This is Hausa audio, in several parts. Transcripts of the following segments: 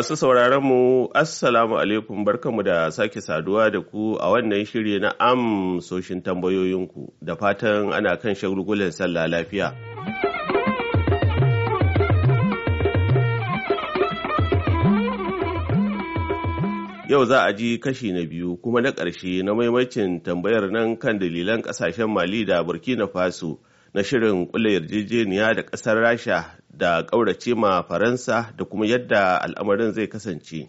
Masu sauraron mu Assalamu alaikum barkamu da sake saduwa da ku a wannan shiri na amsoshin tambayoyinku da fatan ana kan shagulgulan sallah lafiya. Yau za a ji kashi na biyu kuma na ƙarshe na maimacin tambayar nan kan dalilan ƙasashen Mali da Burkina Faso na shirin kula yarjejeniya da ƙasar Rasha da ƙaurace ma faransa da kuma yadda al'amarin zai kasance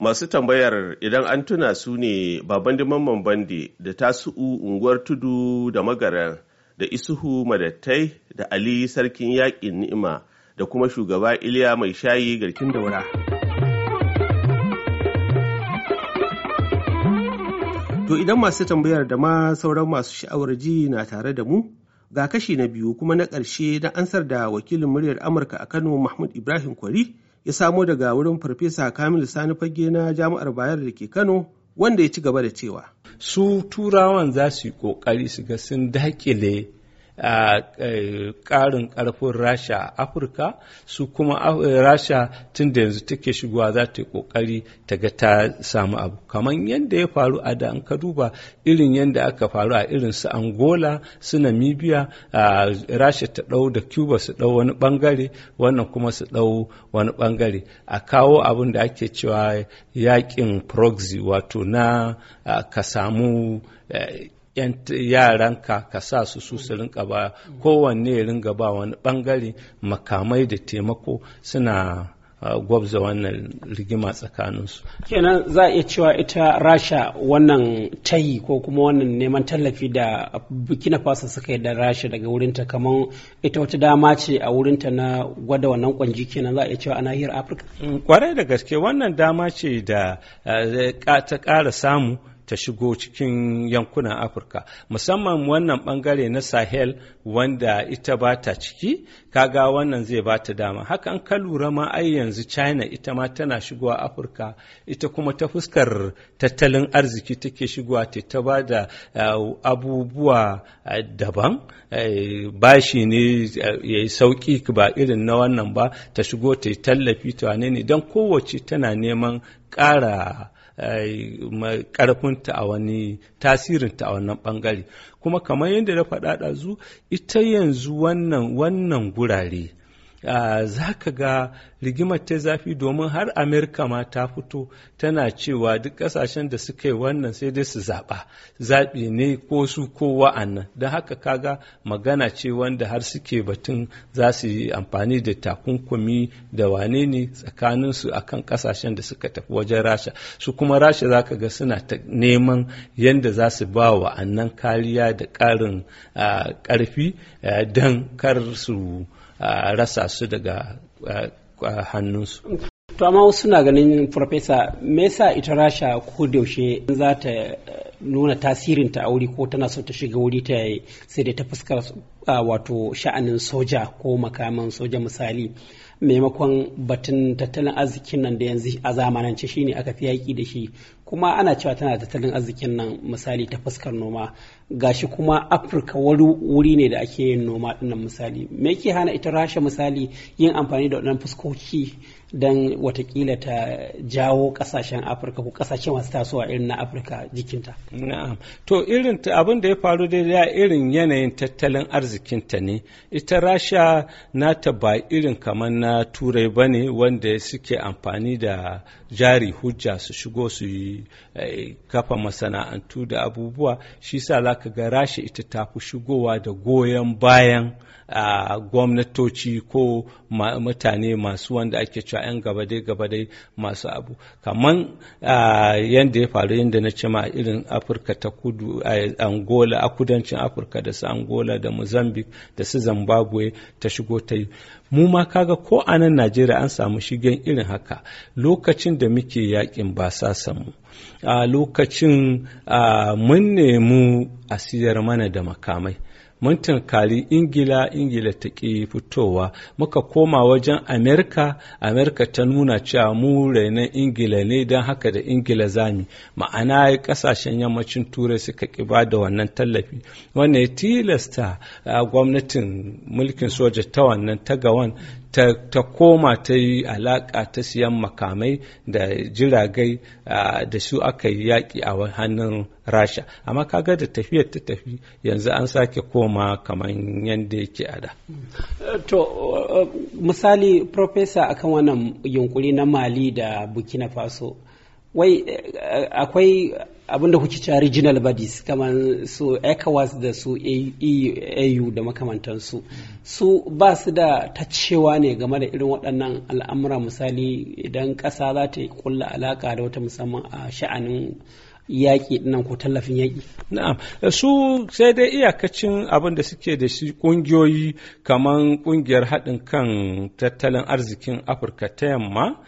masu tambayar idan an tuna su ne babandi mamman bandi da tasu'u unguwar tudu da magara da isuhu madattai da ali sarkin yaƙin ni'ima da kuma shugaba iliya mai shayi garkin daura to idan masu tambayar da ma sauran masu sha'awar ji na tare da mu Ga kashi na biyu kuma na ƙarshe na ansar da wakilin muryar Amurka a Kano Mahmud Ibrahim Kwari ya samo daga wurin Farfesa Kamil Sani Fage na Jami'ar Bayar da ke Kano wanda ya ci gaba da cewa. Su turawan za su yi ƙoƙari su ga sun dakile ƙarin ƙarfin rasha a afirka su kuma rasha tun da yanzu take shigowa za ta yi ƙoƙari ta ga ta samu abu kamar yadda ya faru a da ka duba irin yadda aka faru a irin su angola su namibia rasha ta ɗau da cuba su ɗau wani ɓangare wannan kuma su ɗau wani ɓangare a kawo abin da ake cewa yaƙin proxy wato na ka samu eh, yan yaranka ka sa su su su rinka ba kowanne ya ringa ba wani bangare makamai da taimako suna gwabza wannan rigima tsakaninsu. kenan za a iya cewa ita rasha wannan tayi ko kuma wannan neman tallafi da burkina faso suka yi da rasha daga wurinta kamar ita wata dama ce a wurinta na gwada wannan kwanji kenan za a iya cewa a nahiyar afirka mm, kwarai da gaske wannan dama ce da ta kara samu ta shigo cikin yankunan afirka musamman wannan bangare na sahel wanda ita ba ta ciki kaga wannan zai ba ta dama hakan ka lura ma ai yanzu china ita ma tana shigowa afirka ita kuma ta fuskar tattalin arziki take shigowa ta ta ba da eh, abubuwa eh, daban eh, bashi ne ya yi sauki ba irin na wannan ba ta shigo ta yi tallafi ta ne don kowace tana neman ƙara karfinta eh, a wani tasirinta a wannan bangare kuma kamar yadda na faɗa ɗazu ita yanzu wannan wannan gurare za ka ga rigimar ta zafi domin har amerika ma ta fito tana cewa duk kasashen da suka yi wannan sai dai su zaɓa zaɓi ne ko su ko wa'annan don haka kaga magana ce wanda har suke batun za su yi amfani da takunkumi da wane ne su akan kasashen da suka tafi wajen rasha su kuma rasha za ka ga suna ta neman yadda za su ba wa'annan kariya da ƙarin ƙarfi eh, don kar su rasa su daga hannunsu to amma wasu na ganin farfesa me yasa ita rasha ko daushe za ta eh, nuna tasirinta a wuri ko tana so ta shiga wuri ta yi sai dai ta fuskar wato sha'anin soja ko makaman soja misali maimakon batun tattalin arzikin nan da yanzu a zamanance shine aka fi yaƙi da shi kuma ana cewa tana da tattalin arzikin nan misali ta fuskar noma gashi kuma afirka wani wuri ne da ake yin noma dinnan misali me yake hana ita rasha misali yin amfani da wannan fuskoki don watakila ta jawo kasashen afirka ko kasashen masu tasowa irin na afirka jikinta na'am to irin abin da ya faru da irin yanayin tattalin arzikin ta ne ita rasha nata ba irin kamar na turai bane wanda suke amfani da jari hujja su shigo su yi kafa masana'antu da abubuwa shi sa za ka ga rasha ita ta fi shigowa da goyon bayan A gwamnatoci ko mutane masu wanda ake cewa 'yan gaba dai gaba dai masu abu kamar yadda ya faru yadda na ce irin afirka ta kudu a angola a kudancin afirka da su angola da mozambique da su zimbabwe ta shigo ta yi mu ma kaga ko a nan najeriya an samu shigen irin haka lokacin da muke yakin ba sa samu a lokacin mun nemi a siyar mana da makamai mun tunkari ingila ingila ta ƙi fitowa muka koma wajen amerika amerika ta nuna cewa mu rainan ingila ne don haka da ingila zami ma'ana ƙasashen yammacin turai suka ƙi ba da wannan tallafi wannan ya tilasta gwamnatin mulkin soja ta wannan ta gawan ta, koma ta yi alaƙa ta siyan makamai da jiragai da su aka yi yaƙi a hannun rasha amma kaga da tafiyar ta tafi yanzu an sake koma kamar yadda yake a da to misali profesa akan wannan yunkuri na mali da burkina faso wai eh, akwai abinda kuke cewa regional bodies kamar su ECOWAS da su AU e e da makamantansu su ba su da tacewa ne game da irin waɗannan al'amura misali idan ƙasa za ta yi kulla alaƙa da wata musamman a sha'anin yaƙi nan ko tallafin yaƙi. Na'am, su sai dai iyakacin abin da suke da shi ƙungiyoyi kamar ƙungiyar haɗin kan tattalin arzikin Afirka ta yamma,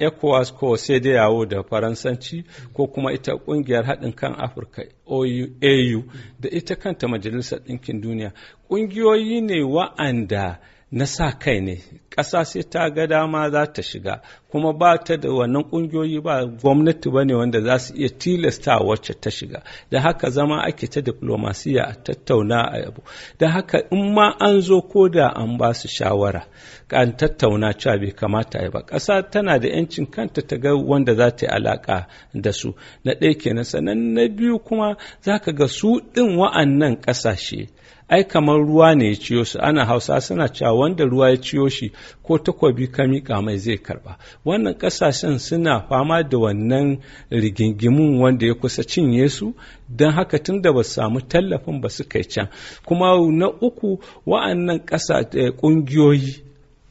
ECOWAS ko sai dai yawo da Faransanci ko kuma ita ƙungiyar haɗin kan Afirka AU da ita kanta Majalisar Ɗinkin Duniya. Ƙungiyoyi ne wa'anda na sa kai ne ƙasa sai ta ga dama za ta shiga kuma ba ta da wannan ƙungiyoyi ba gwamnati ba ne wanda za su iya tilasta wacce ta shiga da haka zama ake ta diplomasiya a tattauna a yabo da haka in ma an zo ko da an ba su shawara an tattauna cewa bai kamata ya ba ƙasa tana da yancin kanta ta ga wanda za ta yi alaƙa da su na ɗaya kenan sannan na biyu kuma za ka ga su ɗin wa'annan ƙasashe ai kamar ruwa ne ya ciyo su ana hausa suna cewa wanda ruwa ya ciyo shi ko takobi ka miƙa mai zai karba wannan ƙasashen suna fama da wannan rigingimun wanda ya kusa cinye su don haka tun da ba samu tallafin ba su kai can kuma na uku wa'annan ƙasa eh, ƙungiyoyi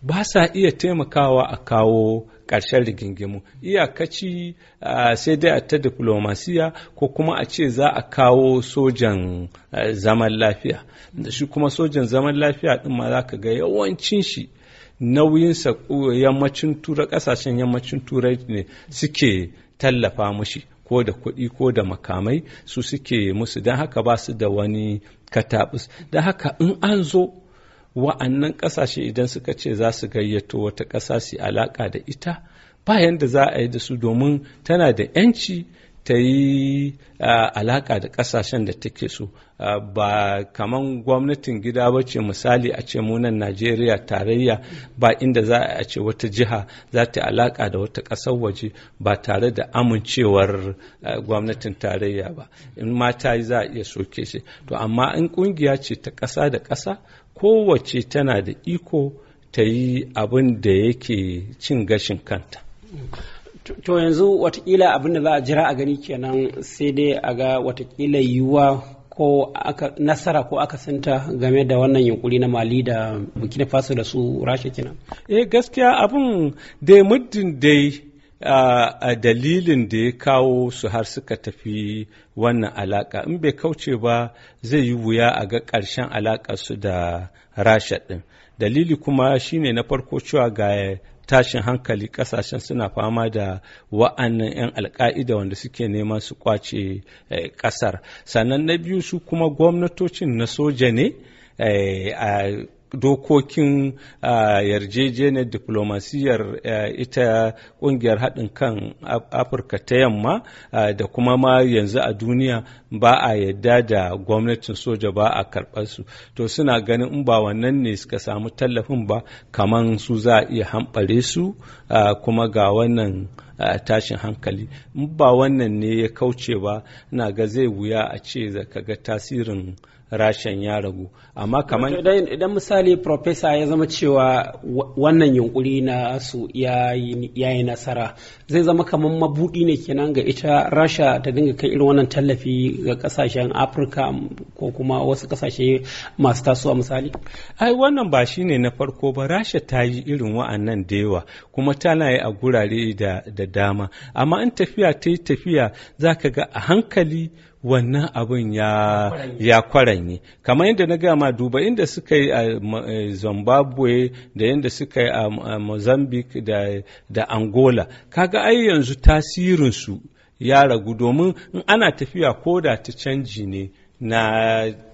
ba sa iya taimakawa a kawo ƙarshen rigingimu iyakaci sai dai a ta diplomasiya ko kuma a ce za a kawo sojan zaman lafiya da shi kuma sojan zaman lafiya din ma za ka ga yawancin shi nauyinsa yammacin turai ƙasashen yammacin turai ne suke tallafa mushi ko da kuɗi ko da makamai su suke musu don haka ba su da wani katabus don haka in an zo wa'annan ƙasashe idan suka ce za su gayyato wata ƙasa su alaƙa da ita bayan da za a yi da su domin tana da 'yanci ta yi alaka da kasashen da take so ba kaman gwamnatin gida ba ce misali a ce munan najeriya tarayya ba inda za a ce wata jiha za ta alaka da wata ƙasar waje ba tare da amincewar gwamnatin tarayya ba in mata za a iya soke shi to amma in kungiya ce ta ƙasa da ƙasa kowace tana da iko ta yi abin da yake cin gashin kanta to yanzu watakila abin da za a jira a gani kenan sai dai a ga watakila yiwuwa ko aka nasara ko aka santa game da wannan yunkuri na mali da bukina faso da su rasha kenan eh gaskiya abin dai muddin dai a dalilin da ya kawo su har suka tafi wannan alaka in bai kauce ba zai yi wuya a ga ƙarshen alaƙa su da rasha ɗin dalili kuma shine na farko cewa ga tashin hankali kasashen suna fama da wa'annan 'yan alka'ida wanda suke nema su kwace kasar eh, sannan na biyu su kuma gwamnatocin na soja ne eh, a dokokin yarjejeniyar diplomasiyar ita kungiyar haɗin kan afirka ta yamma da kuma ma yanzu a duniya ba a yadda da gwamnatin soja ba a karɓarsu to suna ganin in ba wannan ne suka samu tallafin ba kaman su za a iya hamɓare su kuma ga wannan tashin hankali ba wannan ne ya kauce ba na ga zai wuya a ce ka ga tasirin rashin ya ragu amma kamar idan misali profesa ya zama cewa wannan yunkuri na su ya yi nasara zai zama kamar mabudi ne kenan ga ita rasha ta dinga kai irin wannan tallafi ga kasashen afirka ko kuma wasu kasashe masu tasowa misali ai wannan ba shine na farko ba rasha ta yi irin wa'annan da yawa kuma tana yi a gurare da dama amma in tafiya ta yi tafiya za ka ga a hankali wannan abin ya kwaranye kamar yadda na gama duba inda suka yi a eh, eh, zimbabwe da yadda suka yi a mozambique da angola kaga ai yanzu tasirinsu ya ragu domin in ana tafiya ko da ta canji ne na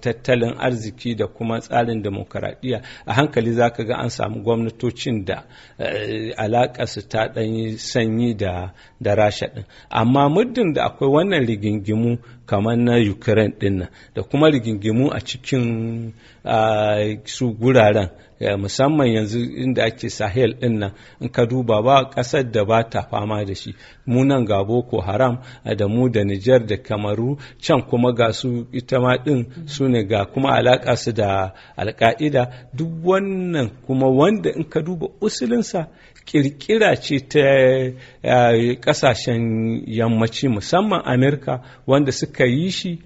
tattalin arziki da kuma tsarin demokaradiyya a hankali za ka ga an samu gwamnatocin da eh, su ta ɗanyi sanyi da rasha ɗin amma muddin da akwai wannan rigingimu kamar na ukraine ɗin nan da kuma rigingimu a cikin ah, su guraren Eh, musamman yanzu inda ake sahel din nan in ka duba ba ƙasar da ba ta fama da shi mu nan ga boko haram eh, da mu da nijar da kamaru can kuma ga su ita ma din su ne ga kuma alaƙa su da alƙa'ida duk wannan kuma wanda in ka duba usulinsa kirkira ce ta kasashen eh, yammaci musamman amurka wanda suka yi shi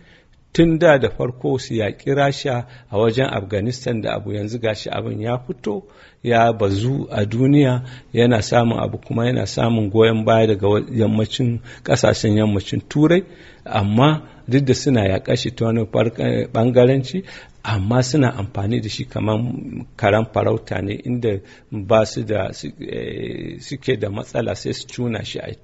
tun da da farko su yaƙi rasha a wajen afghanistan da abu yanzu gashi abin ya fito ya bazu a duniya yana samun abu kuma yana samun goyon baya daga yammacin ƙasashen yammacin turai amma duk da suna yaƙa shi ta wani eh, ɓangaranci amma suna amfani da shi kamar karan farauta ne inda ba su da eh, suke da matsala sai su cuna shi a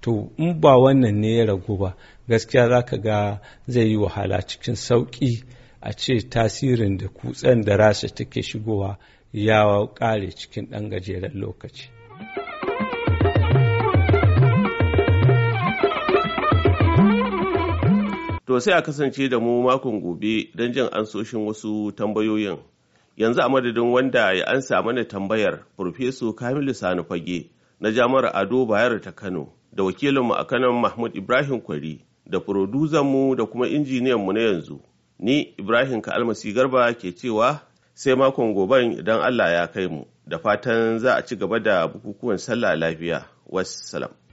to in ba wannan ne ya ragu ba gaskiya za ka ga zai yi wahala cikin sauƙi a ce tasirin da kutsen da rasha take shigowa ya ƙare cikin ɗan gajeren lokaci. To sai a kasance da mu makon gobe don jin ansoshin wasu tambayoyin. Yanzu a madadin wanda ya ansa mana tambayar Profeso Kamilu Sani Fage na Jami'ar Ado Bayero ta Kano da wakilinmu a kanan Mahmud Ibrahim Kwari da mu da kuma injiniyanmu na yanzu. Ni Ibrahim Ka'almasi Garba ke cewa sai makon gobe idan Allah ya kai mu, da fatan za a ci gaba da bukukuwan sallah lafiya. Wassalam.